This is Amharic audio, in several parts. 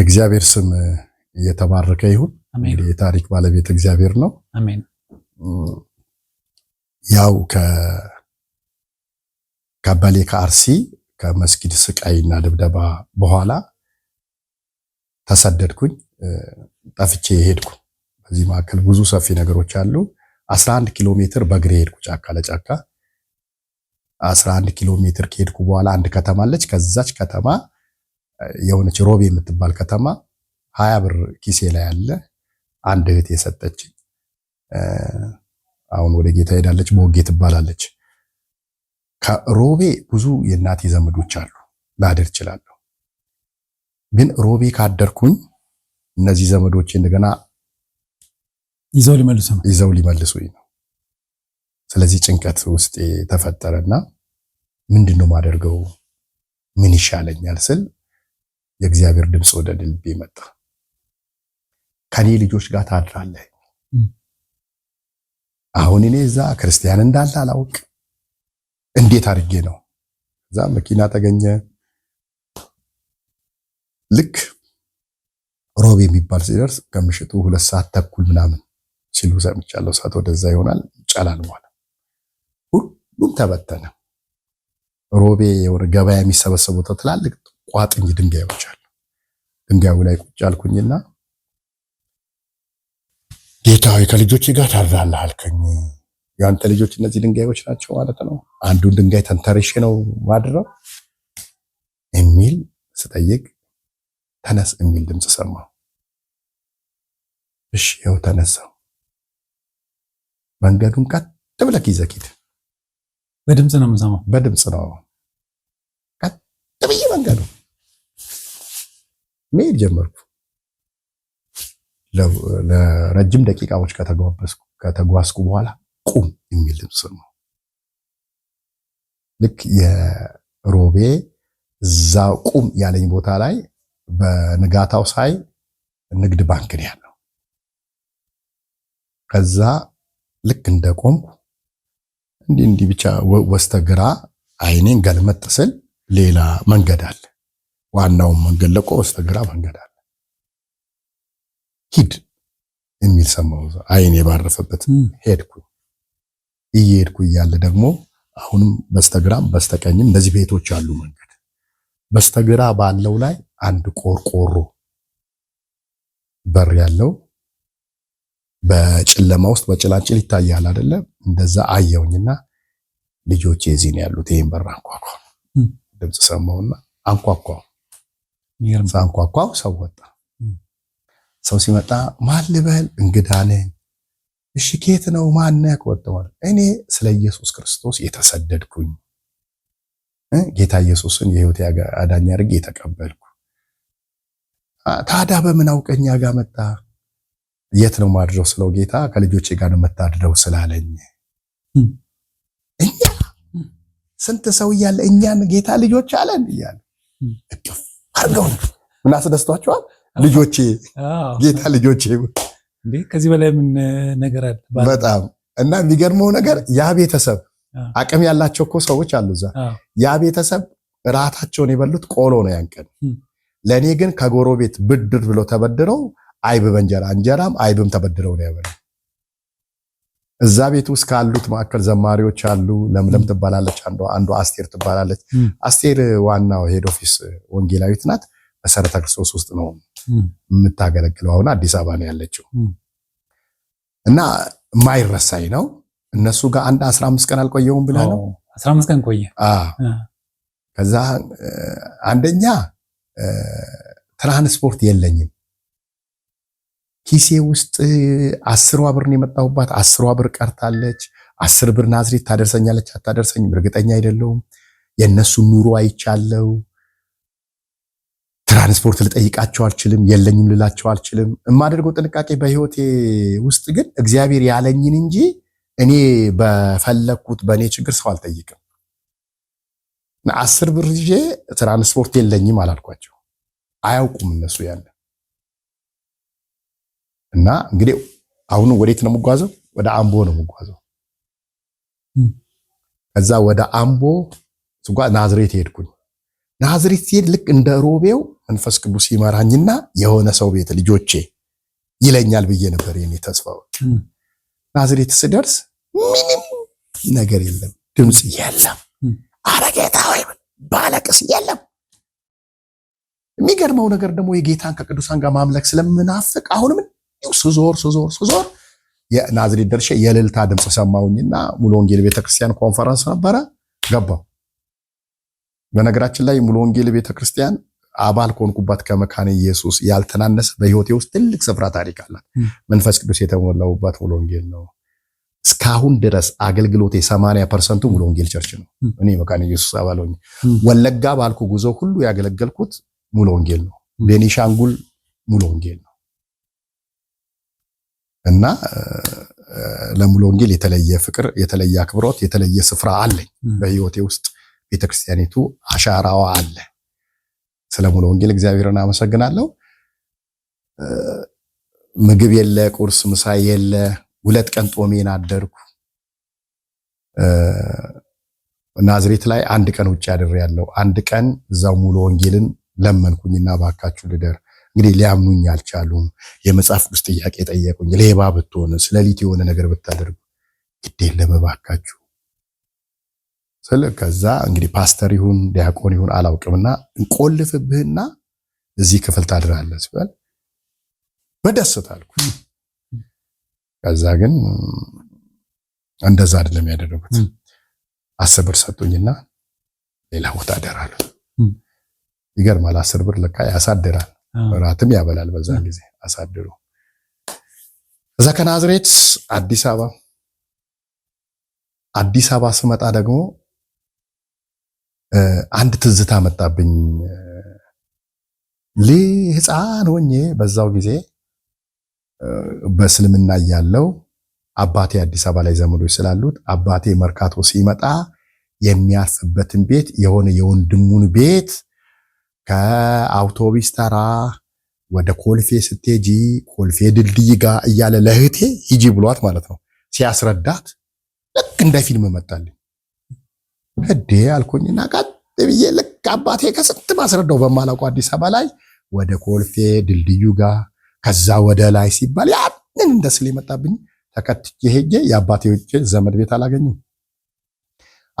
የእግዚአብሔር ስም እየተባረከ ይሁን። የታሪክ ባለቤት እግዚአብሔር ነው። አሜን። ያው ከአባሌ ከአርሲ ከመስጊድ ስቃይና ድብደባ በኋላ ተሰደድኩኝ፣ ጠፍቼ ሄድኩ። በዚህ መካከል ብዙ ሰፊ ነገሮች አሉ። 11 ኪሎ ሜትር በእግሬ ሄድኩ፣ ጫካ ለጫካ 11 ኪሎ ሜትር ከሄድኩ በኋላ አንድ ከተማ አለች። ከዛች ከተማ የሆነች ሮቤ የምትባል ከተማ ሀያ ብር ኪሴ ላይ ያለ አንድ እህት የሰጠች አሁን ወደ ጌታ ሄዳለች። በወጌ ትባላለች። ከሮቤ ብዙ የእናቴ ዘመዶች አሉ፣ ላድር እችላለሁ። ግን ሮቤ ካደርኩኝ እነዚህ ዘመዶች እንደገና ይዘው ሊመልሱ ነው ይዘው ሊመልሱኝ ነው። ስለዚህ ጭንቀት ውስጥ ተፈጠረና ምንድን ነው ማደርገው? ምን ይሻለኛል ስል የእግዚአብሔር ድምፅ ወደ ልቤ መጣ። ከኔ ልጆች ጋር ታድራለህ። አሁን እኔ እዛ ክርስቲያን እንዳለ አላውቅ እንዴት አድርጌ ነው። እዛ መኪና ተገኘ። ልክ ሮብ የሚባል ሲደርስ ከምሽቱ ሁለት ሰዓት ተኩል ምናምን ሲሉ ሰምቻለሁ። ሰዓት ወደዛ ይሆናል ይጫላል በኋላ ሁሉም ተበተነ። ሮቤ ገበያ የሚሰበሰቡት ትላልቅ ቋጥኝ ድንጋዮች አሉ። ድንጋዩ ላይ ቁጭ አልኩኝና ጌታ ሆይ ከልጆች ጋር ታድራለህ አልከኝ። የአንተ ልጆች እነዚህ ድንጋዮች ናቸው ማለት ነው። አንዱን ድንጋይ ተንተርሼ ነው ማድረው የሚል ስጠይቅ ተነስ የሚል ድምፅ ሰማሁ። እሺ ያው ተነሳው። መንገዱን ቀጥ ብለህ ይዘህ በድምፅ ነው የምሰማው፣ በድምፅ ነው ቀጥ ብዬ መንገዱ መሄድ ጀመርኩ። ለረጅም ደቂቃዎች ከተጓዝኩ በኋላ ቁም የሚል ድምፅ ነው። ልክ የሮቤ እዛ ቁም ያለኝ ቦታ ላይ በንጋታው ሳይ ንግድ ባንክ ነው ያለው። ከዛ ልክ እንደቆምኩ እንዲህ እንዲህ ብቻ ወስተግራ አይኔን ገልመጥ ስል ሌላ መንገድ አለ። ዋናውን መንገድ ለቆ በስተግራ መንገድ አለ ሂድ የሚል ሰማሁ። አይን የባረፈበትን ሄድኩ። እየሄድኩ እያለ ደግሞ አሁንም በስተግራም በስተቀኝም እንደዚህ ቤቶች አሉ መንገድ በስተግራ ባለው ላይ አንድ ቆርቆሮ በር ያለው በጨለማ ውስጥ በጭላንጭል ይታያል አይደለ? እንደዛ አየውኝና ልጆቼ እዚህ ነው ያሉት ይሄን በር አንኳኳ። ድምፅ ሰማውና አንኳኳው ሳንኳኳው ሰው ወጣ። ሰው ሲመጣ ማን ልበል? እንግዳ ነኝ። እሺ ኬት ነው ማነክ? ወጥተዋል። እኔ ስለ ኢየሱስ ክርስቶስ የተሰደድኩኝ ጌታ ኢየሱስን የህይወት አዳኝ አድርጌ የተቀበልኩ ታዲያ በምን አውቀኛ ጋር መጣ? የት ነው ማድረው ስለው ጌታ ከልጆቼ ጋር ነው መታድረው ስላለኝ እኛ ስንት ሰው እያለ እኛን ጌታ ልጆች አለን እያለ እቅፍ አርገውን እናስደስቷቸዋል። ልጆቼ ጌታ ልጆቼ ከዚህ በላይ ምን ነገር አለ በጣም እና የሚገርመው ነገር ያ ቤተሰብ አቅም ያላቸው እኮ ሰዎች አሉ እዛ ያ ቤተሰብ ራታቸውን የበሉት ቆሎ ነው ያን ቀን ለእኔ ግን ከጎረቤት ብድር ብሎ ተበድረው አይብ በእንጀራ እንጀራም አይብም ተበድረው ነው ያበሉ እዛ ቤት ውስጥ ካሉት መካከል ዘማሪዎች አሉ። ለምለም ትባላለች፣ አንዱ አስቴር ትባላለች። አስቴር ዋናው ሄድ ኦፊስ ወንጌላዊት ናት። መሰረተ ክርስቶስ ውስጥ ነው የምታገለግለው። አሁን አዲስ አበባ ነው ያለችው እና ማይረሳይ ነው። እነሱ ጋር አንድ አስራ አምስት ቀን አልቆየውም ብለህ ነው? አስራ አምስት ቀን ቆየ። ከዛ አንደኛ ትራንስፖርት የለኝም ኪሴ ውስጥ አስሯ ብር ነው የመጣሁባት፣ አስሯ ብር ቀርታለች። አስር ብር ናዝሬት ታደርሰኛለች አታደርሰኝም እርግጠኛ አይደለሁም። የእነሱ ኑሮ አይቻለው። ትራንስፖርት ልጠይቃቸው አልችልም፣ የለኝም ልላቸው አልችልም። የማደርገው ጥንቃቄ በህይወቴ ውስጥ ግን እግዚአብሔር ያለኝን እንጂ እኔ በፈለግኩት በእኔ ችግር ሰው አልጠይቅም። አስር ብር ይዤ ትራንስፖርት የለኝም አላልኳቸው። አያውቁም እነሱ ያለ እና እንግዲህ አሁኑ ወዴት ነው የምጓዘው? ወደ አምቦ ነው የምጓዘው። ከዛ ወደ አምቦ ስጓዝ ናዝሬት ሄድኩኝ። ናዝሬት ሲሄድ ልክ እንደ ሮቤው መንፈስ ቅዱስ ይመራኝና የሆነ ሰው ቤት ልጆቼ ይለኛል ብዬ ነበር የኔ ተስፋው። ናዝሬት ስደርስ ምንም ነገር የለም፣ ድምፅ የለም፣ አረጌታ ወይ ባለቅስ የለም። የሚገርመው ነገር ደግሞ የጌታን ከቅዱሳን ጋር ማምለክ ስለምናፍቅ አሁን ስዞር ስዞር ስዞር ናዝሬት ደርሼ የልልታ ድምፅ ሰማሁኝና ሙሉ ወንጌል ቤተክርስቲያን ኮንፈረንስ ነበረ፣ ገባሁ። በነገራችን ላይ ሙሉ ወንጌል ቤተክርስቲያን አባል ከሆንኩባት ከመካነ ኢየሱስ ያልተናነሰ በህይወቴ ውስጥ ትልቅ ስፍራ ታሪክ አላት። መንፈስ ቅዱስ የተሞላውባት ሙሉ ወንጌል ነው። እስካሁን ድረስ አገልግሎቴ 80 ፐርሰንቱ ሙሉ ወንጌል ቸርች ነው። እኔ መካነ ኢየሱስ አባል ሆኜ ወለጋ ባልኩ ጉዞ ሁሉ ያገለገልኩት ሙሉ ወንጌል ነው። ቤኒሻንጉል ሙሉ ወንጌል ነው። እና ለሙሉ ወንጌል የተለየ ፍቅር፣ የተለየ አክብሮት፣ የተለየ ስፍራ አለኝ በህይወቴ ውስጥ ቤተክርስቲያኒቱ አሻራዋ አለ። ስለ ሙሉ ወንጌል እግዚአብሔርን አመሰግናለሁ። ምግብ የለ፣ ቁርስ ምሳ የለ። ሁለት ቀን ጦሜን አደርኩ። ናዝሬት ላይ አንድ ቀን ውጭ ያለው አንድ ቀን እዛው ሙሉ ወንጌልን ለመንኩኝና ባካችሁ ልደር እንግዲህ ሊያምኑኝ አልቻሉም። የመጽሐፍ ቅዱስ ጥያቄ ጠየቁኝ። ሌባ ብትሆን ስለሊት የሆነ ነገር ብታደርጉ ግዴን ለመባካችሁ ስለ ከዛ እንግዲህ ፓስተር ይሁን ዲያቆን ይሁን አላውቅምና እንቆልፍብህና እዚህ ክፍል ታድራለህ ሲባል በደስታ አልኩ። ከዛ ግን እንደዛ አይደለም ያደረጉት። አስር ብር ሰጡኝና ሌላ ቦታ አደራለሁ። ይገርማል። አስር ብር ለካ ያሳድራል። ራትም ያበላል። በዛን ጊዜ አሳድሮ እዛ ከናዝሬት አዲስ አበባ አዲስ አበባ ስመጣ ደግሞ አንድ ትዝታ መጣብኝ። ህፃን ሆኜ በዛው ጊዜ በእስልምና እያለው አባቴ አዲስ አበባ ላይ ዘመዶች ስላሉት አባቴ መርካቶ ሲመጣ የሚያርፍበትን ቤት የሆነ የወንድሙን ቤት ከአውቶቢስ ተራ ወደ ኮልፌ ስትሄጂ ኮልፌ ድልድይ ጋር እያለ ለእህቴ ሂጂ ብሏት ማለት ነው ሲያስረዳት ልክ እንደ ፊልም መጣልኝ። እዴ አልኩኝና ቀጥ ብዬ ልክ አባቴ ከስንት ማስረዳው በማላውቀው አዲስ አበባ ላይ ወደ ኮልፌ ድልድዩ ጋር ከዛ ወደ ላይ ሲባል ያንን እንደ ስል የመጣብኝ ተከትቼ ሄጄ የአባቴ ውጭ ዘመድ ቤት አላገኝም።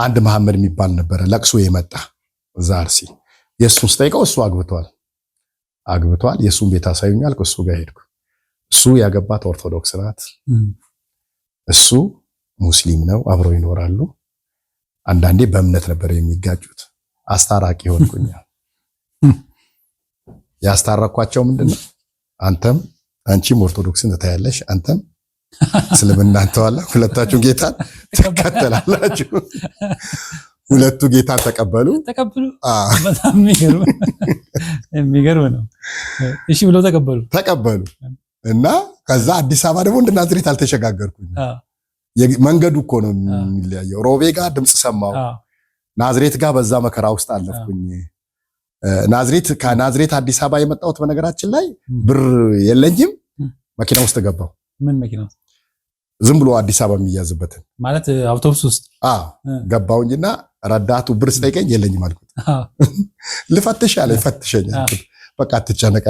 አንድ መሐመድ የሚባል ነበረ ለቅሶ የመጣ እዛ አርሲ የእሱን ስጠይቀው እሱ አግብቷል አግብቷል። የእሱን ቤት አሳዩኛል። እሱ ጋር ሄድኩ። እሱ ያገባት ኦርቶዶክስ ናት። እሱ ሙስሊም ነው። አብረው ይኖራሉ። አንዳንዴ በእምነት ነበር የሚጋጩት። አስታራቂ ሆንኩኝ። ያስታረኳቸው ምንድነው አንተም አንቺም ኦርቶዶክስን ትታያለሽ፣ አንተም እስልምና እንተዋላ፣ ሁለታችሁ ጌታን ትከተላላችሁ ሁለቱ ጌታ ተቀበሉ ተቀበሉ። በጣም የሚገርም ነው። እሺ ብለው ተቀበሉ ተቀበሉ። እና ከዛ አዲስ አበባ ደግሞ እንደ ናዝሬት አልተሸጋገርኩኝ። መንገዱ እኮ ነው የሚለያየው። ሮቤ ጋር ድምፅ ሰማው፣ ናዝሬት ጋር በዛ መከራ ውስጥ አለፍኩኝ። ናዝሬት ከናዝሬት አዲስ አበባ የመጣሁት በነገራችን ላይ ብር የለኝም። መኪና ውስጥ ገባው ምን መኪና ውስጥ ዝም ብሎ አዲስ አበባ የሚያዝበትን ማለት አውቶቡስ ውስጥ ገባው እንጂና ረዳቱ ብር ስጠይቀኝ የለኝም አልኩት። ልፈትሽ አለ ይፈትሸኛል። በቃ አትጨነቅ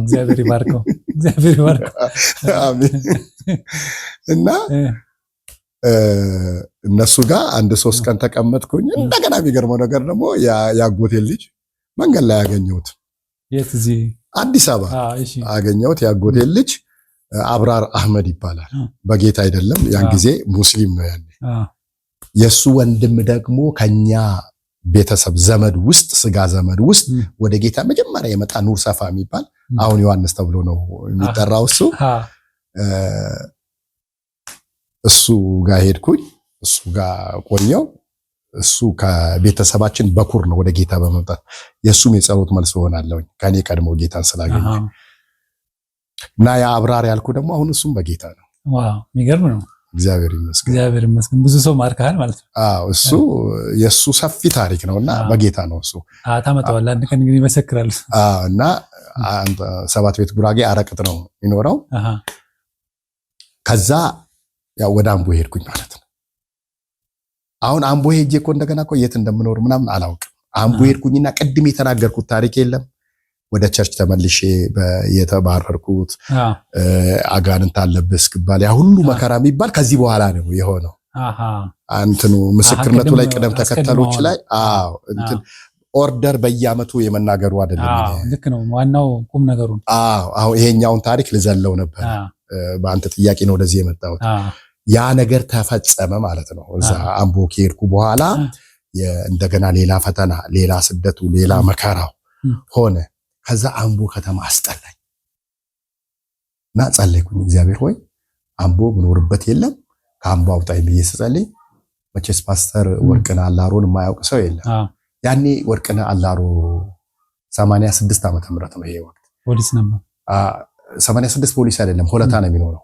እግዚአብሔር ይባርከው፣ እግዚአብሔር ይባርከው። እና እነሱ ጋር አንድ ሶስት ቀን ተቀመጥኩኝ። እንደገና የሚገርመው ነገር ደግሞ ያጎቴን ልጅ መንገድ ላይ ያገኘሁት አዲስ አበባ አገኘሁት። ያጎቴን ልጅ አብራር አህመድ ይባላል። በጌታ አይደለም፣ ያን ጊዜ ሙስሊም ነው። ያኔ የእሱ ወንድም ደግሞ ከኛ ቤተሰብ ዘመድ ውስጥ ስጋ ዘመድ ውስጥ ወደ ጌታ መጀመሪያ የመጣ ኑር ሰፋ የሚባል አሁን ዮሐንስ ተብሎ ነው የሚጠራው እሱ እሱ ጋር ሄድኩኝ። እሱ ጋር ቆየው። እሱ ከቤተሰባችን በኩር ነው ወደ ጌታ በመምጣት የእሱም የጸሎት መልስ ሆናለሁኝ ከኔ ቀድሞ ጌታን ስላገኘ እና ያ አብራር ያልኩ ደግሞ አሁን እሱም በጌታ ነው። የሚገርም ነው። እግዚአብሔር ይመስገን፣ እግዚአብሔር ይመስገን። ብዙ ሰው ማርካል ማለት ነው። እሱ የእሱ ሰፊ ታሪክ ነው እና በጌታ ነው እሱ። ታመጠዋል። አንድ ቀን ግን ይመሰክራል። እና ሰባት ቤት ጉራጌ አረቅጥ ነው የሚኖረው። ከዛ ያው ወደ አምቦ ሄድኩኝ ማለት ነው። አሁን አምቦ ሄጄ እኮ እንደገና እኮ የት እንደምኖር ምናምን አላውቅም። አምቦ ሄድኩኝና ቅድም የተናገርኩት ታሪክ የለም ወደ ቸርች ተመልሼ የተባረርኩት አጋንንት አለብህ እስክባል ያ ሁሉ መከራ የሚባል ከዚህ በኋላ ነው የሆነው። እንትኑ ምስክርነቱ ላይ ቅደም ተከተሎች ላይ እንትን ኦርደር በየአመቱ የመናገሩ አይደለም። ልክ ነው። ዋናው ቁም ነገሩ አሁን ይሄኛውን ታሪክ ልዘለው ነበር። በአንተ ጥያቄ ነው ወደዚህ የመጣሁት። ያ ነገር ተፈጸመ ማለት ነው። እዛ አምቦ ከሄድኩ በኋላ እንደገና ሌላ ፈተና፣ ሌላ ስደቱ፣ ሌላ መከራው ሆነ። ከዛ አምቦ ከተማ አስጠላኝ እና ጸለይኩኝ። እግዚአብሔር ሆይ አምቦ ምኖርበት የለም ከአምቦ አውጣኝ ብዬ ስጸልይ መቼስ ፓስተር ወርቅነህ አላሮን የማያውቅ ሰው የለም። ያኔ ወርቅነህ አላሮ 86 ዓመተ ምህረት ነው ይሄ ወቅት። ፖሊስ ነበር። 86 ፖሊስ አይደለም ሆለታ ነው የሚኖረው።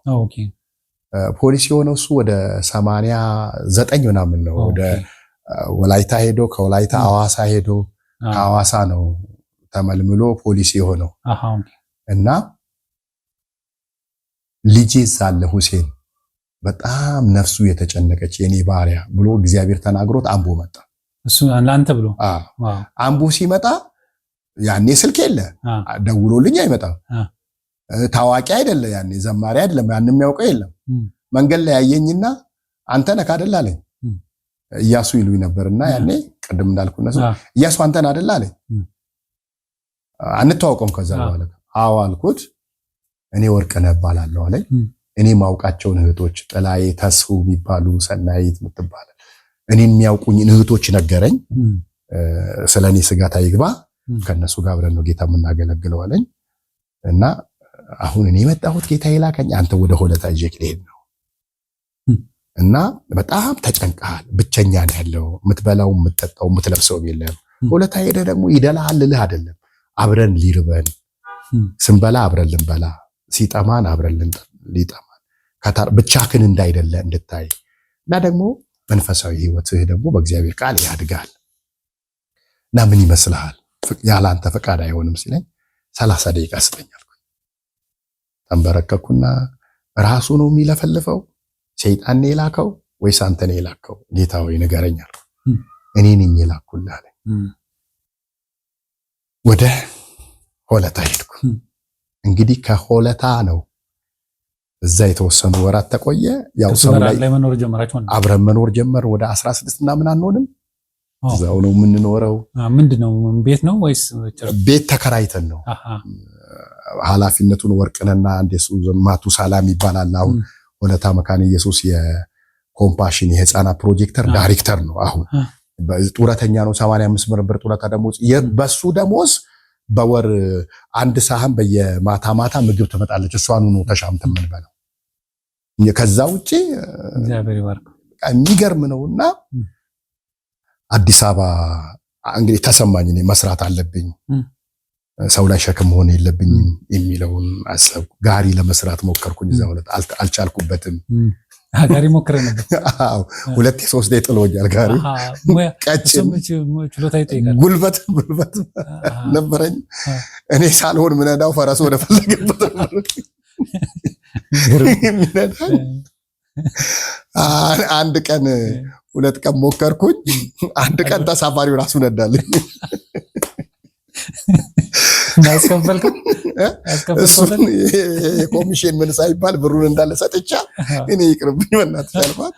ፖሊስ የሆነው እሱ ወደ 89 ምናምን ነው። ወደ ወላይታ ሄዶ ከወላይታ አዋሳ ሄዶ ከአዋሳ ነው ተመልምሎ ፖሊስ የሆነው እና ልጄ ሳለ ሁሴን በጣም ነፍሱ የተጨነቀች የኔ ባሪያ ብሎ እግዚአብሔር ተናግሮት አምቦ መጣ። እሱ ለአንተ ብሎ አምቦ ሲመጣ ያኔ ስልክ የለ ደውሎልኝ አይመጣም። ታዋቂ አይደለ ያኔ ዘማሪ አይደለም። ያን የሚያውቀው የለም። መንገድ ላይ ያየኝና አንተ ነካ አይደል አለኝ። እያሱ ይሉኝ ነበርና ያኔ ቅድም እንዳልኩ እነሱ እያሱ አንተን አይደል አለኝ። አንተዋወቀም። ከዛ በኋላ አዎ አልኩት። እኔ ወርቅነህ እባላለሁ አለኝ። እኔ ማውቃቸውን እህቶች ጥላዬ ተስሁ የሚባሉ ሰናይት የምትባል እኔ የሚያውቁኝ እህቶች ነገረኝ። ስለ እኔ ስጋት አይግባ ከእነሱ ጋር አብረን ነው ጌታ የምናገለግለው አለኝ እና አሁን እኔ የመጣሁት ጌታ ይላከኝ አንተ ወደ ሆለታ ይዤክ ልሄድ ነው እና በጣም ተጨንቀሃል፣ ብቸኛ ነው ያለው፣ የምትበላው፣ የምትጠጣው፣ የምትለብሰው የለም። ሆለታ ሄደህ ደግሞ ይደላሃል ልልህ አይደለም አብረን ሊርበን ስንበላ አብረን ልንበላ ሲጠማን አብረን ሊጠማን ብቻክን እንዳይደለ እንድታይ እና ደግሞ መንፈሳዊ ህይወትህ ደግሞ በእግዚአብሔር ቃል ያድጋል እና ምን ይመስልሃል ያለ አንተ ፈቃድ አይሆንም ሲለኝ ሰላሳ ደቂቃ ስጠኝ አልኩኝ። ተንበረከኩና ራሱ ነው የሚለፈልፈው ሰይጣን ነው የላከው ወይስ አንተ ነው የላከው ጌታ ወይ ንገረኝ አልኩ። እኔ ነኝ የላኩልህ አለኝ። ወደ ሆለታ ሄድኩ። እንግዲህ ከሆለታ ነው እዛ የተወሰኑ ወራት ተቆየ። ያው ሰው ላይ መኖር ጀመራችሁ? አብረን መኖር ጀመር። ወደ 16 ምናምን አንሆንም፣ እዛው ነው የምንኖረው። ምንድን ቤት ነው ወይስ ቤት ተከራይተን ነው? ኃላፊነቱን ወርቅንና እንደሱ ማቱ ሳላም ይባላል። አሁን ሆለታ መካነ ኢየሱስ የኮምፓሽን የህፃናት ፕሮጀክተር ዳይሬክተር ነው አሁን ጡረተኛ ነው። 85 ብር ብር ጡረታ ደሞዝ በሱ ደሞዝ በወር አንድ ሳህን በየማታ ማታ ምግብ ትመጣለች። እሷኑ ነው ተሻምተ የምንበላው። ከዛ ውጪ የሚገርም ነው እና አዲስ አበባ እንግዲህ ተሰማኝ መስራት አለብኝ ሰው ላይ ሸክም መሆን የለብኝም የሚለውን አሰብኩ። ጋሪ ለመስራት ሞከርኩኝ። እዛ አልቻልኩበትም። ጋሪ ሞክረ ነበር። ሁለት የሶስት ላይ ጥሎኛል። ጋሪ ቀጭን ጉልበት ጉልበት ነበረኝ። እኔ ሳልሆን ምነዳው ፈረሱ ወደፈለገበት ነበር አንድ ቀን ሁለት ቀን ሞከርኩኝ። አንድ ቀን ተሳፋሪው ራሱ ነዳልኝ። የኮሚሽን ምን ሳይባል ብሩን እንዳለ ሰጥቻ እኔ ይቅርብኝ በእናትሽ አልኳት።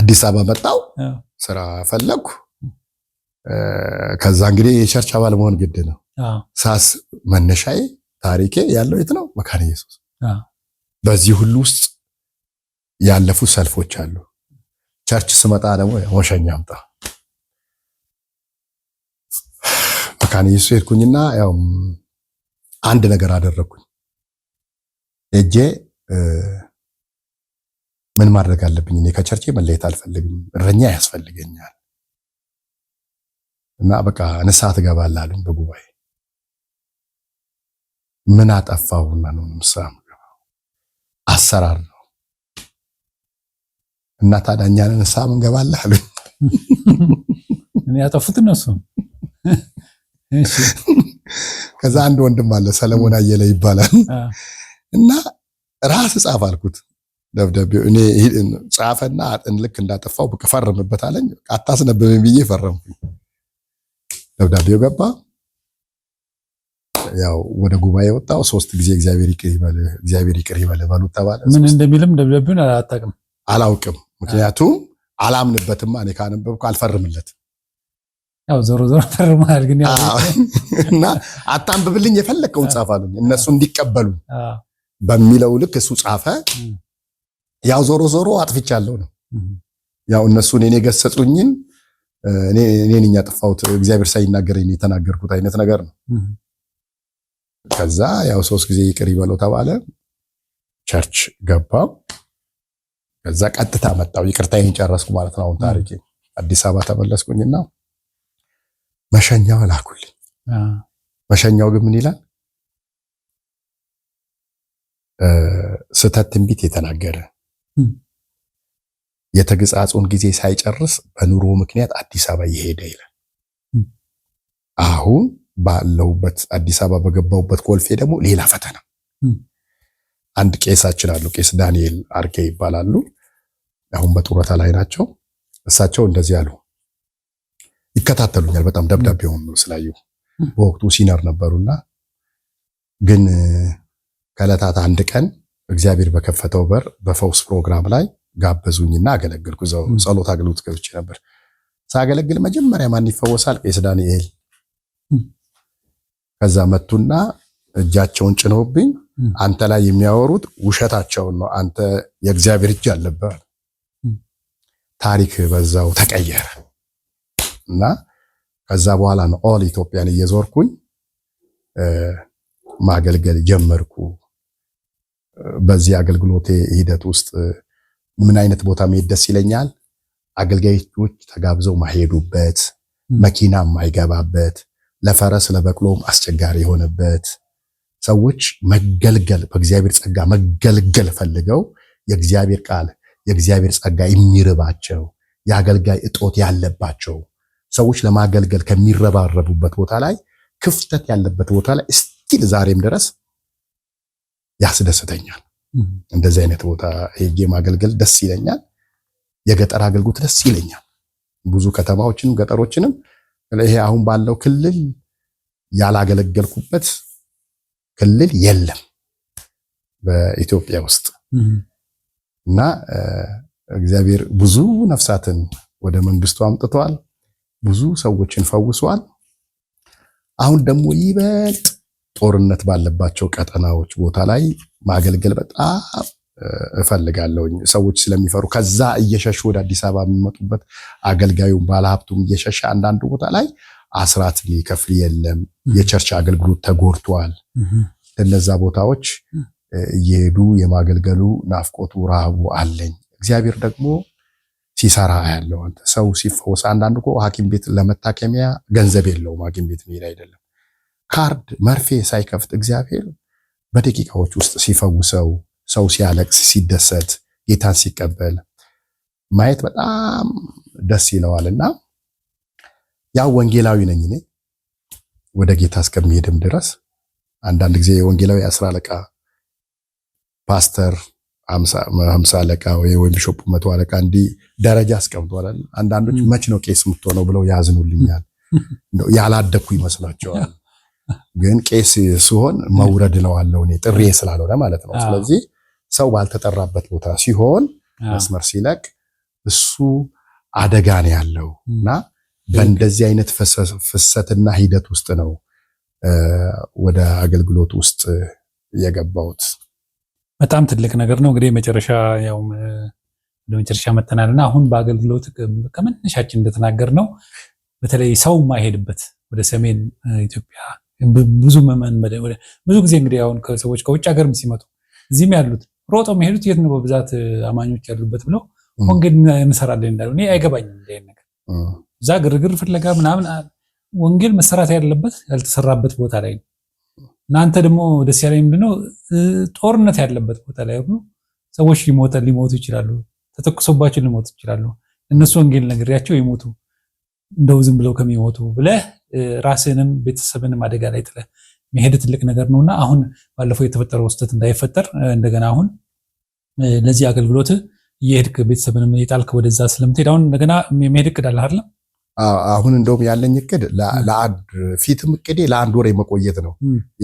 አዲስ አበባ መጣው ስራ ፈለግኩ። ከዛ እንግዲህ የቸርች አባል መሆን ግድ ነው። ሳስ መነሻዬ ታሪኬ ያለው የት ነው? መካነ ኢየሱስ። በዚህ ሁሉ ውስጥ ያለፉ ሰልፎች አሉ። ቸርች ስመጣ ደግሞ ሞሸኛ አምጣ መካነ ኢየሱስ ሄድኩኝና ያው አንድ ነገር አደረግኩኝ። እጄ ምን ማድረግ አለብኝ? እኔ ከቸርቼ መለየት አልፈልግም፣ እረኛ ያስፈልገኛል እና በቃ ንስሐ ትገባለህ አሉኝ በጉባኤ። ምን አጠፋሁና ነው ንስሐ የምገባው? አሰራር ነው እና ታዲያ እኛን ንስሐ ምን ገባለህ አሉኝ። እኔ ያጠፉት እነሱ ከዛ አንድ ወንድም አለ ሰለሞን አየለ ይባላል እና ራስ ጻፍ አልኩት ደብዳቤው እኔ ጻፈና ልክ እንዳጠፋው በቃ ፈርምበት አለኝ። አታስነብብኝ ብዬ ፈረምኩኝ። ደብዳቤው ገባ። ያው ወደ ጉባኤ ወጣው። ሶስት ጊዜ እግዚአብሔር ይቅር ይበል በሉ ተባለ። ምን እንደሚልም ደብዳቤውን አላውቅም፣ ምክንያቱም አላምንበትማ እኔ ካነበብኩ አልፈርምለት ያው ዞሮ ዞሮ ተርማል ግን እና አታንብብልኝ የፈለግከውን ጻፍ እነሱ እንዲቀበሉ በሚለው ልክ እሱ ጻፈ። ያው ዞሮ ዞሮ አጥፍቻለሁ ነው። ያው እነሱ እኔን የገሰጹኝን እኔ ነኝ ያጠፋሁት፣ እግዚአብሔር ሳይናገረኝ የተናገርኩት አይነት ነገር ነው። ከዛ ያው ሶስት ጊዜ ይቅር ይበለው ተባለ። ቸርች ገባው። ከዛ ቀጥታ መጣው። ይቅርታ ጨረስኩ ማለት ነው። አሁን ታሪኬ አዲስ አበባ ተመለስኩኝና መሸኛው አላኩልኝ። መሸኛው ግን ምን ይላል? ስህተት ትንቢት የተናገረ የተግጻጾን ጊዜ ሳይጨርስ በኑሮ ምክንያት አዲስ አበባ እየሄደ ይላል። አሁን ባለሁበት አዲስ አበባ በገባውበት ኮልፌ ደግሞ ሌላ ፈተና። አንድ ቄሳችን አሉ፣ ቄስ ዳንኤል አርኬ ይባላሉ። አሁን በጡረታ ላይ ናቸው። እሳቸው እንደዚህ አሉ ይከታተሉኛል በጣም ደብዳቤውን ስላዩ በወቅቱ ሲነር ነበሩና ግን ከእለታት አንድ ቀን እግዚአብሔር በከፈተው በር በፈውስ ፕሮግራም ላይ ጋበዙኝና አገለግልኩ። እዛው ጸሎት አገልግሎት ገብቼ ነበር። ሳገለግል መጀመሪያ ማን ይፈወሳል? ቄስ ዳንኤል። ከዛ መቱና እጃቸውን ጭነውብኝ አንተ ላይ የሚያወሩት ውሸታቸውን ነው፣ አንተ የእግዚአብሔር እጅ አለበት። ታሪክ በዛው ተቀየረ። እና ከዛ በኋላ ነው ኦል ኢትዮጵያን እየዞርኩኝ ማገልገል ጀመርኩ። በዚህ አገልግሎቴ ሂደት ውስጥ ምን አይነት ቦታ መሄድ ደስ ይለኛል? አገልጋዮች ተጋብዘው ማሄዱበት፣ መኪና ማይገባበት፣ ለፈረስ ለበቅሎ አስቸጋሪ የሆነበት፣ ሰዎች መገልገል በእግዚአብሔር ጸጋ መገልገል ፈልገው የእግዚአብሔር ቃል የእግዚአብሔር ጸጋ የሚርባቸው የአገልጋይ እጦት ያለባቸው ሰዎች ለማገልገል ከሚረባረቡበት ቦታ ላይ ክፍተት ያለበት ቦታ ላይ እስቲል ዛሬም ድረስ ያስደስተኛል። እንደዚህ አይነት ቦታ ሄጄ ማገልገል ደስ ይለኛል። የገጠር አገልግሎት ደስ ይለኛል። ብዙ ከተማዎችንም ገጠሮችንም ይሄ አሁን ባለው ክልል ያላገለገልኩበት ክልል የለም በኢትዮጵያ ውስጥ እና እግዚአብሔር ብዙ ነፍሳትን ወደ መንግስቱ አምጥተዋል። ብዙ ሰዎችን ፈውሰዋል። አሁን ደግሞ ይበልጥ ጦርነት ባለባቸው ቀጠናዎች ቦታ ላይ ማገልገል በጣም እፈልጋለሁኝ። ሰዎች ስለሚፈሩ ከዛ እየሸሹ ወደ አዲስ አበባ የሚመጡበት አገልጋዩም ባለሀብቱም እየሸሸ አንዳንድ ቦታ ላይ አስራት የሚከፍል የለም። የቸርች አገልግሎት ተጎድቷል። እነዛ ቦታዎች እየሄዱ የማገልገሉ ናፍቆቱ፣ ረሃቡ አለኝ። እግዚአብሔር ደግሞ ሲሰራ ያለው ሰው ሲፈወስ። አንዳንድ እኮ ሐኪም ቤት ለመታከሚያ ገንዘብ የለውም፣ ሐኪም ቤት መሄድ አይደለም ካርድ መርፌ ሳይከፍት እግዚአብሔር በደቂቃዎች ውስጥ ሲፈውሰው፣ ሰው ሲያለቅስ፣ ሲደሰት፣ ጌታን ሲቀበል ማየት በጣም ደስ ይለዋል እና ያው ወንጌላዊ ነኝ እኔ ወደ ጌታ እስከሚሄድም ድረስ አንዳንድ ጊዜ የወንጌላዊ አስራ አለቃ ፓስተር ሀምሳ አለቃ ወይም ሾፑ መቶ አለቃ እንዲህ ደረጃ አስቀምጧል። አንዳንዶች መች ነው ቄስ የምትሆነው ብለው ያዝኑልኛል። ያላደግኩ ይመስላቸዋል። ግን ቄስ ሲሆን መውረድ ነው አለው እኔ ጥሬ ስላልሆነ ማለት ነው። ስለዚህ ሰው ባልተጠራበት ቦታ ሲሆን መስመር ሲለቅ እሱ አደጋ ነው ያለው እና በእንደዚህ አይነት ፍሰትና ሂደት ውስጥ ነው ወደ አገልግሎት ውስጥ የገባሁት። በጣም ትልቅ ነገር ነው። እንግዲህ መጨረሻ ያው ወደ መጨረሻ መተናል እና አሁን በአገልግሎት ከመነሻችን እንደተናገር ነው በተለይ ሰው ማይሄድበት ወደ ሰሜን ኢትዮጵያ ብዙ መመን ብዙ ጊዜ እንግዲህ አሁን ሰዎች ከውጭ ሀገርም ሲመጡ እዚህም ያሉት ሮጦ የሚሄዱት የት ነው በብዛት አማኞች ያሉበት ብለው ወንጌል እንሰራለን እንዳሉ እኔ አይገባኝም። እንደ ነገር እዛ ግርግር ፍለጋ ምናምን ወንጌል መሰራት ያለበት ያልተሰራበት ቦታ ላይ ነው። እናንተ ደግሞ ደስ ያለኝ ምንድነው ጦርነት ያለበት ቦታ ላይ ሆኖ ሰዎች ሊሞቱ ይችላሉ፣ ተተኩሶባቸው ሊሞቱ ይችላሉ። እነሱ ወንጌል ነግሬያቸው ይሞቱ እንደው ዝም ብለው ከሚሞቱ ብለህ ራስንም ቤተሰብንም አደጋ ላይ ጥለህ መሄድ ትልቅ ነገር ነውና አሁን ባለፈው የተፈጠረው ስህተት እንዳይፈጠር እንደገና አሁን ለዚህ አገልግሎት እየሄድክ ቤተሰብንም የጣልክ ወደዛ ስለምትሄድ አሁን እንደገና መሄድ እቅድ አለህ አይደለም? አሁን እንደውም ያለኝ እቅድ ለአንድ ፊትም እቅዴ ለአንድ ወር የመቆየት ነው።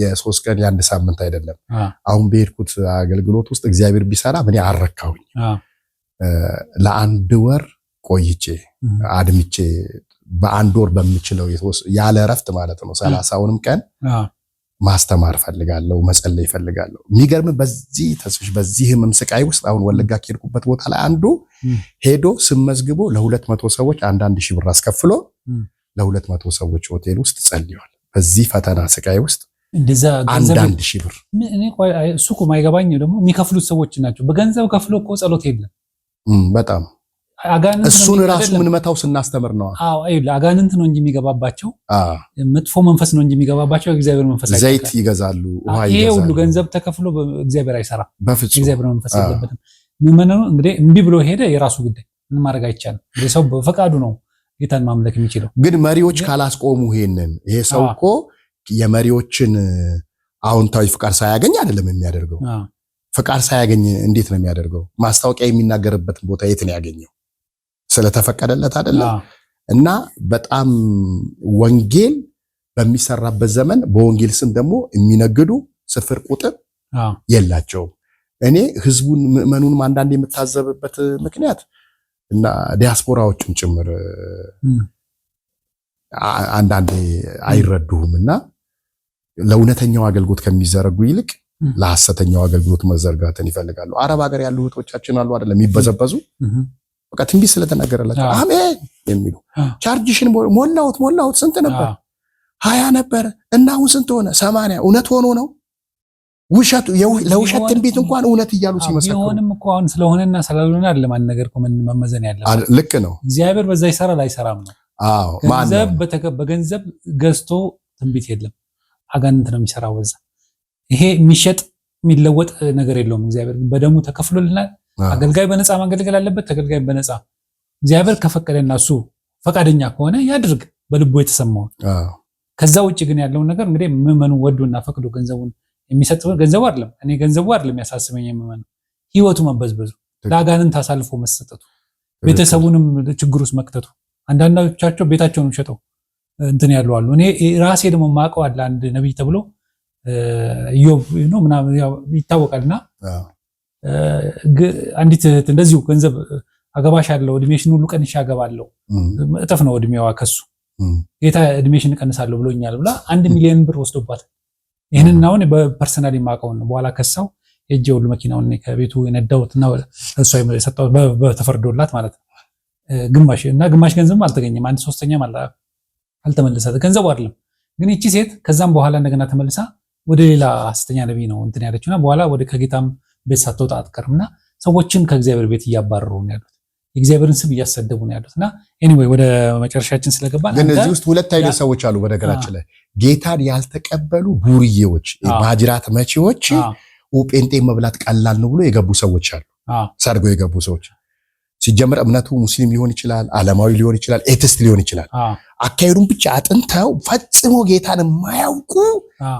የሶስት ቀን የአንድ ሳምንት አይደለም። አሁን በሄድኩት አገልግሎት ውስጥ እግዚአብሔር ቢሰራ ምን አረካሁኝ። ለአንድ ወር ቆይቼ አድምቼ በአንድ ወር በምችለው ያለ እረፍት ማለት ነው ሰላሳውንም ቀን ማስተማር ፈልጋለሁ፣ መጸለይ ፈልጋለሁ። የሚገርም በዚህ ተስፍሽ በዚህ ህመም ስቃይ ውስጥ አሁን ወለጋ ከሄድኩበት ቦታ ላይ አንዱ ሄዶ ስመዝግቦ ለሁለት መቶ ሰዎች አንዳንድ ሺህ ብር አስከፍሎ ለሁለት መቶ ሰዎች ሆቴል ውስጥ ጸልዋል። በዚህ ፈተና ስቃይ ውስጥ እንደዛ አንዳንድ ሺህ ብር እሱ እኮ ማይገባኝ ደግሞ የሚከፍሉት ሰዎች ናቸው። በገንዘብ ከፍሎ እኮ ጸሎት የለም። በጣም እሱን ራሱ የምንመታው ስናስተምር ነው። አጋንንት ነው እንጂ የሚገባባቸው መጥፎ መንፈስ ነው እንጂ የሚገባባቸው እግዚአብሔር መንፈስ ዘይት ይገዛሉ። ይሄ ሁሉ ገንዘብ ተከፍሎ እግዚአብሔር አይሰራም። በፍጹም እግዚአብሔር መንፈስ የለበትም። ምዕመኑ እንግዲህ እምቢ ብሎ ሄደ፣ የራሱ ጉዳይ፣ ምን ማድረግ አይቻልም። እንግዲህ ሰው በፈቃዱ ነው ጌታን ማምለክ የሚችለው። ግን መሪዎች ካላስቆሙ ይሄንን ይሄ ሰው እኮ የመሪዎችን አዎንታዊ ፍቃድ ሳያገኝ አይደለም የሚያደርገው። ፍቃድ ሳያገኝ እንዴት ነው የሚያደርገው? ማስታወቂያ የሚናገርበትን ቦታ የት ነው ያገኘው? ስለተፈቀደለት አይደለም። እና በጣም ወንጌል በሚሰራበት ዘመን በወንጌል ስም ደግሞ የሚነግዱ ስፍር ቁጥር የላቸውም። እኔ ህዝቡን ምዕመኑንም አንዳንድ የምታዘብበት ምክንያት እና ዲያስፖራዎችም ጭምር አንዳንዴ አይረዱሁም እና ለእውነተኛው አገልግሎት ከሚዘረጉ ይልቅ ለሐሰተኛው አገልግሎት መዘርጋትን ይፈልጋሉ። አረብ ሀገር ያሉ እህቶቻችን አሉ አይደለም የሚበዘበዙ በቃ ትንቢት ስለተነገረላቸው አሜን የሚሉ ቻርጅሽን ሞላሁት ሞላሁት ስንት ነበር? ሀያ ነበር እና አሁን ስንት ሆነ? ሰማንያ እውነት ሆኖ ነው ውሸት ለውሸት ትንቢት እንኳን እውነት እያሉ ሲመሰክሩ ቢሆንም እኮ አሁን ስለሆነና ስላልሆነ አይደለም አንድ ነገር መመዘን ያለበት። ልክ ነው። እግዚአብሔር በዛ ይሰራል አይሰራም ነው። አዎ በገንዘብ ገዝቶ ትንቢት የለም። አጋንንት ነው የሚሰራው በዛ። ይሄ የሚሸጥ የሚለወጥ ነገር የለውም። እግዚአብሔር በደሙ ተከፍሎልናል። አገልጋይ በነፃ ማገልገል አለበት። ተገልጋይ በነፃ እግዚአብሔር ከፈቀደና እሱ ፈቃደኛ ከሆነ ያድርግ በልቦ የተሰማውን። ከዛ ውጭ ግን ያለውን ነገር እንግዲህ ምዕመኑ ወዶና ፈቅዶ ገንዘቡን የሚሰጥ ገንዘቡ አይደለም። እኔ ገንዘቡ አይደለም ያሳስበኝ የምመነው ህይወቱ መበዝበዙ፣ ለአጋንንት አሳልፎ መሰጠቱ፣ ቤተሰቡንም ችግር ውስጥ መክተቱ። አንዳንዶቻቸው ቤታቸውን ሸጠው እንትን ያሉ አሉ። እኔ ራሴ ደግሞ የማውቀው አለ አንድ ነቢይ ተብሎ ኢዮብ ነው ምናምን ይታወቃልና አንዲት እንደዚሁ ገንዘብ አገባሽ አለው እድሜሽን ሁሉ ቀንሼ አገባለሁ እጥፍ ነው እድሜዋ ከሱ ጌታ እድሜሽን እቀንሳለሁ ብሎኛል ብላ አንድ ሚሊዮን ብር ወስዶባት ይህንን አሁን በፐርሰናል የማውቀውን ነው። በኋላ ከሳው እጅ ሁሉ መኪናውን ከቤቱ የነዳውት እና እሷ የሰጠሁት በተፈርዶላት ማለት ነው። ግማሽ እና ግማሽ ገንዘብ አልተገኘም። አንድ ሶስተኛም አልተመለሳትም። ገንዘቡ አይደለም ግን ይቺ ሴት ከዛም በኋላ እንደገና ተመልሳ ወደ ሌላ ሐሰተኛ ነቢይ ነው እንትን ያለችው እና በኋላ ወደ ከጌታም ቤት ሳትወጣ አትቀርም እና ሰዎችን ከእግዚአብሔር ቤት እያባረሩ ነው ያሉት። የእግዚአብሔርን ስም እያሰደቡ ነው ያሉት እና ኤኒዌይ ወደ መጨረሻችን ስለገባ ግን እዚህ ውስጥ ሁለት አይነት ሰዎች አሉ በነገራችን ላይ ጌታን ያልተቀበሉ ዱርዬዎች፣ ማጅራት መቺዎች ጴንጤ መብላት ቀላል ነው ብሎ የገቡ ሰዎች አሉ። ሰርጎ የገቡ ሰዎች ሲጀምር እምነቱ ሙስሊም ሊሆን ይችላል፣ አለማዊ ሊሆን ይችላል፣ ኤትስት ሊሆን ይችላል። አካሄዱን ብቻ አጥንተው ፈጽሞ ጌታን የማያውቁ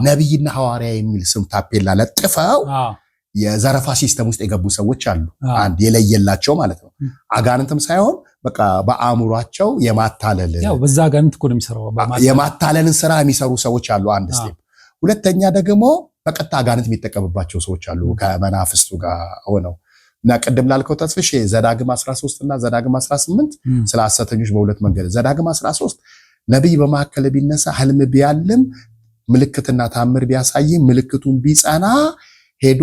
ነቢይና ሐዋርያ የሚል ስም ታፔላ ለጥፈው የዘረፋ ሲስተም ውስጥ የገቡ ሰዎች አሉ። አንድ የለየላቸው ማለት ነው። አጋንንትም ሳይሆን በቃ በአእምሯቸው የማታለል በዛ ጋሚት እኮ ነው የሚሰራው። የማታለልን ስራ የሚሰሩ ሰዎች አሉ። አንድ ስቴፕ። ሁለተኛ ደግሞ በቀጥታ አጋንንት የሚጠቀምባቸው ሰዎች አሉ ከመናፍስቱ ጋር ሆነው እና ቅድም ላልከው ተስፍሽ ዘዳግም 13 እና ዘዳግም 18 ስለ ሐሰተኞች በሁለት መንገድ ዘዳግም 13 ነቢይ በመካከል ቢነሳ ህልም ቢያልም ምልክትና ታምር ቢያሳይ ምልክቱን ቢጸና ሄዶ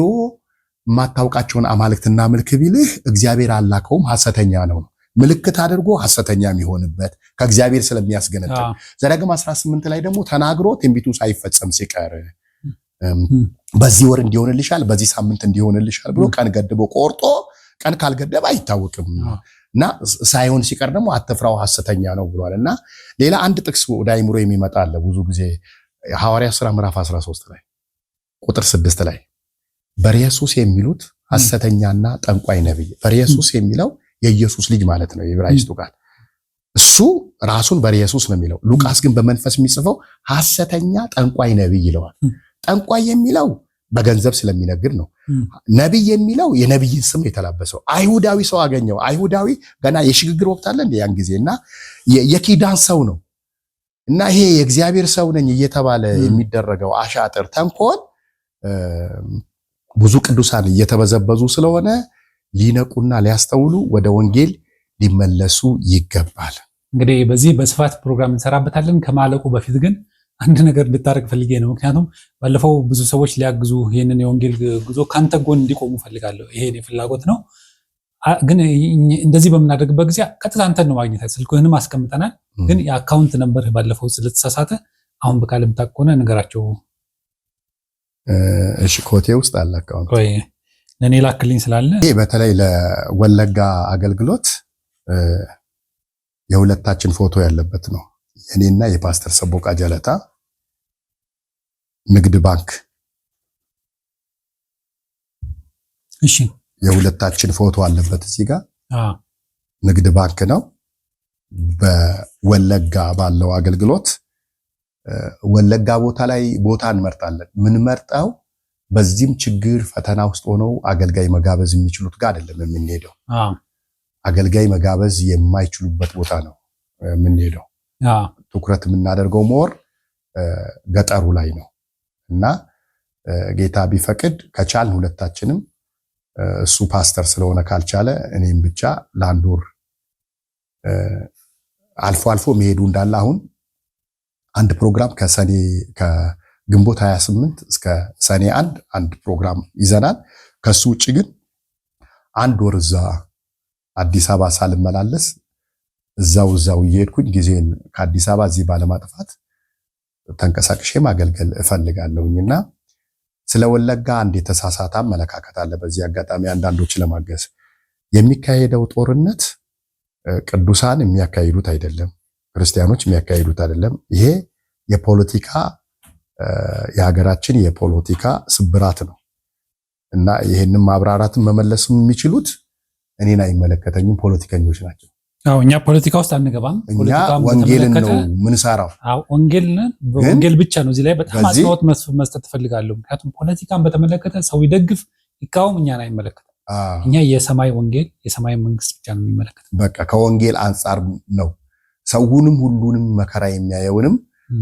የማታውቃቸውን አማልክትና ምልክ ቢልህ እግዚአብሔር አላከውም ሐሰተኛ ነው። ምልክት አድርጎ ሐሰተኛ የሚሆንበት ከእግዚአብሔር ስለሚያስገነጥል ዘዳግም 18 ላይ ደግሞ ተናግሮ ትንቢቱ ሳይፈጸም ሲቀር በዚህ ወር እንዲሆንልሻል፣ በዚህ ሳምንት እንዲሆንልሻል ብሎ ቀን ገድቦ ቆርጦ ቀን ካልገደበ አይታወቅም እና ሳይሆን ሲቀር ደግሞ አትፍራው ሐሰተኛ ነው ብሏል። እና ሌላ አንድ ጥቅስ ወደ አይምሮ የሚመጣ አለ ብዙ ጊዜ ሐዋርያ ስራ ምዕራፍ 13 ላይ ቁጥር 6 ላይ በኢየሱስ የሚሉት ሐሰተኛና ጠንቋይ ነብይ በኢየሱስ የሚለው የኢየሱስ ልጅ ማለት ነው የዕብራይስጡ ቃል። እሱ ራሱን በኢየሱስ ነው የሚለው። ሉቃስ ግን በመንፈስ የሚጽፈው ሐሰተኛ ጠንቋይ ነቢይ ይለዋል። ጠንቋይ የሚለው በገንዘብ ስለሚነግድ ነው። ነቢይ የሚለው የነቢይን ስም የተላበሰው አይሁዳዊ ሰው አገኘው። አይሁዳዊ ገና የሽግግር ወቅት አለ እንደ ያን ጊዜ እና የኪዳን ሰው ነው እና ይሄ የእግዚአብሔር ሰው ነኝ እየተባለ የሚደረገው አሻጥር ተንኮል ብዙ ቅዱሳን እየተበዘበዙ ስለሆነ ሊነቁና ሊያስተውሉ ወደ ወንጌል ሊመለሱ ይገባል። እንግዲህ በዚህ በስፋት ፕሮግራም እንሰራበታለን። ከማለቁ በፊት ግን አንድ ነገር እንድታረቅ ፈልጌ ነው። ምክንያቱም ባለፈው ብዙ ሰዎች ሊያግዙ ይህንን የወንጌል ጉዞ ከአንተ ጎን እንዲቆሙ ፈልጋለሁ። ይሄ ፍላጎት ነው። ግን እንደዚህ በምናደርግበት ጊዜ ቀጥታ አንተን ነው ማግኘት፣ ስልክህንም አስቀምጠናል። ግን የአካውንት ነበር ባለፈው ስለተሳሳተ አሁን በቃል የምታውቅ ነገራቸው እሺ፣ ኮቴ ውስጥ አለ አካውንት ለእኔ ላክልኝ ስላለ ይህ በተለይ ለወለጋ አገልግሎት የሁለታችን ፎቶ ያለበት ነው። የእኔና የፓስተር ሰቦቃ ጀለታ ንግድ ባንክ እሺ፣ የሁለታችን ፎቶ አለበት እዚህ ጋር ንግድ ባንክ ነው። በወለጋ ባለው አገልግሎት ወለጋ ቦታ ላይ ቦታ እንመርጣለን። ምንመርጣው በዚህም ችግር ፈተና ውስጥ ሆነው አገልጋይ መጋበዝ የሚችሉት ጋር አይደለም የምንሄደው። አገልጋይ መጋበዝ የማይችሉበት ቦታ ነው የምንሄደው። ትኩረት የምናደርገው ሞር ገጠሩ ላይ ነው እና ጌታ ቢፈቅድ ከቻልን ሁለታችንም እሱ ፓስተር ስለሆነ ካልቻለ እኔም ብቻ ለአንድ ወር አልፎ አልፎ መሄዱ እንዳለ አሁን አንድ ፕሮግራም ከሰኔ ግንቦት 28 እስከ ሰኔ አንድ አንድ ፕሮግራም ይዘናል። ከሱ ውጭ ግን አንድ ወር እዛ አዲስ አበባ ሳልመላለስ እዛው እዛው እየሄድኩኝ ጊዜን ከአዲስ አበባ እዚህ ባለማጥፋት ተንቀሳቅሼ ማገልገል እፈልጋለሁኝና ስለ ወለጋ አንድ የተሳሳተ አመለካከት አለ። በዚህ አጋጣሚ አንዳንዶች ለማገዝ የሚካሄደው ጦርነት ቅዱሳን የሚያካሂዱት አይደለም፣ ክርስቲያኖች የሚያካሂዱት አይደለም። ይሄ የፖለቲካ የሀገራችን የፖለቲካ ስብራት ነው እና ይህንን ማብራራትን መመለስ የሚችሉት እኔን አይመለከተኝም ፖለቲከኞች ናቸው። አዎ እኛ ፖለቲካ ውስጥ አንገባም። እኛ ወንጌልን ነው ምንሰራው፣ ወንጌል ብቻ ነው። እዚህ ላይ በጣም አጽንኦት መስጠት ትፈልጋለሁ። ምክንያቱም ፖለቲካን በተመለከተ ሰው ይደግፍ ይቃወም እኛን አይመለከትም። እኛ የሰማይ ወንጌል የሰማይ መንግስት ብቻ ነው የሚመለከት። በቃ ከወንጌል አንጻር ነው ሰውንም ሁሉንም መከራ የሚያየውንም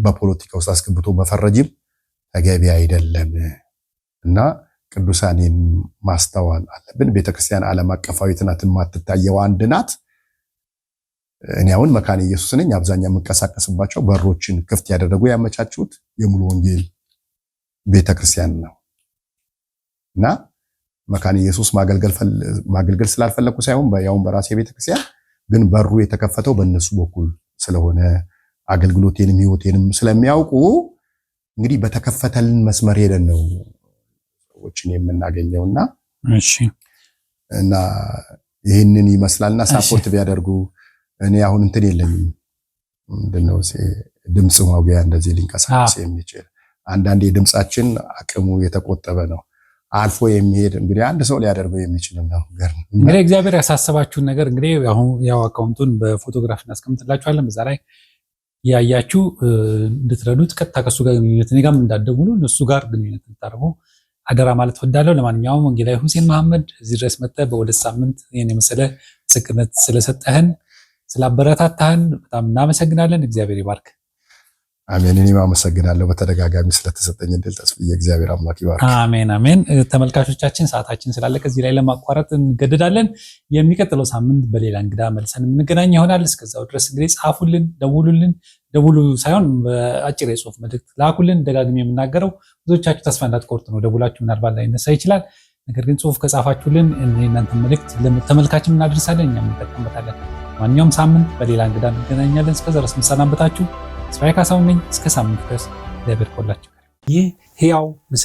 በፖለቲካ ውስጥ አስገብቶ መፈረጅም ተገቢ አይደለም እና ቅዱሳን ማስተዋል አለብን። ቤተክርስቲያን ዓለም አቀፋዊት ናት፣ የማትታየው አንድ ናት። እኔ አሁን መካነ ኢየሱስ ነኝ። አብዛኛው የምንቀሳቀስባቸው በሮችን ክፍት ያደረጉ ያመቻቹት የሙሉ ወንጌል ቤተክርስቲያን ነው እና መካነ ኢየሱስ ማገልገል ስላልፈለኩ ሳይሆን ያውን በራሴ ቤተክርስቲያን ግን በሩ የተከፈተው በእነሱ በኩል ስለሆነ አገልግሎቴንም ህይወቴንም ስለሚያውቁ እንግዲህ በተከፈተልን መስመር ሄደን ነው ሰዎችን የምናገኘውና እና ይህንን ይመስላልና ሳፖርት ቢያደርጉ እኔ አሁን እንትን የለኝም ምንድነው ድምፅ ማጉያ እንደዚህ ሊንቀሳቀስ የሚችል አንዳንድ የድምፃችን አቅሙ የተቆጠበ ነው አልፎ የሚሄድ እንግዲህ አንድ ሰው ሊያደርገው የሚችል እንግዲህ እግዚአብሔር ያሳሰባችሁን ነገር እንግዲህ ያው አካውንቱን በፎቶግራፍ እናስቀምጥላችኋለን በዛ ላይ ያያችሁ እንድትረዱት ቀጥታ ከሱ ጋር ግንኙነት እኔ ጋም እንዳትደውሉ እነሱ ጋር ግንኙነት እንድታደርጉ አደራ ማለት እወዳለሁ። ለማንኛውም ወንጌላዊ ሁሴን መሐመድ እዚህ ድረስ መጠ በሁለት ሳምንት ይህን የመሰለ ምስክርነት ስለሰጠህን ስላበረታታህን በጣም እናመሰግናለን። እግዚአብሔር ይባርክ። አሜን። እኔም አመሰግናለሁ በተደጋጋሚ ስለተሰጠኝ እድል። ተስፍዬ እግዚአብሔር አምላክ ይባርክ። አሜን አሜን። ተመልካቾቻችን ሰዓታችን ስላለቀ እዚህ ላይ ለማቋረጥ እንገደዳለን። የሚቀጥለው ሳምንት በሌላ እንግዳ መልሰን የምንገናኝ ይሆናል። እስከዛው ድረስ እንግዲህ ጻፉልን፣ ደውሉልን። ደውሉ ሳይሆን በአጭር የጽሁፍ መልእክት ላኩልን። ደጋግሜ የምናገረው ብዙዎቻችሁ ተስፋ እንዳትቆርጥ ነው። ደውላችሁ ምናልባት ላይነሳ ይችላል። ነገር ግን ጽሁፍ ከጻፋችሁልን እናንተ መልእክት ተመልካችን እናደርሳለን፣ እኛም እንጠቀምበታለን። ማንኛውም ሳምንት በሌላ እንግዳ እንገናኛለን። እስከዛ ድረስ የምሰናበታችሁ ስፋይ ካሳሁን ነኝ። እስከ ሳምንት ድረስ ለብርቆላችሁ ይህ ህያው ምስል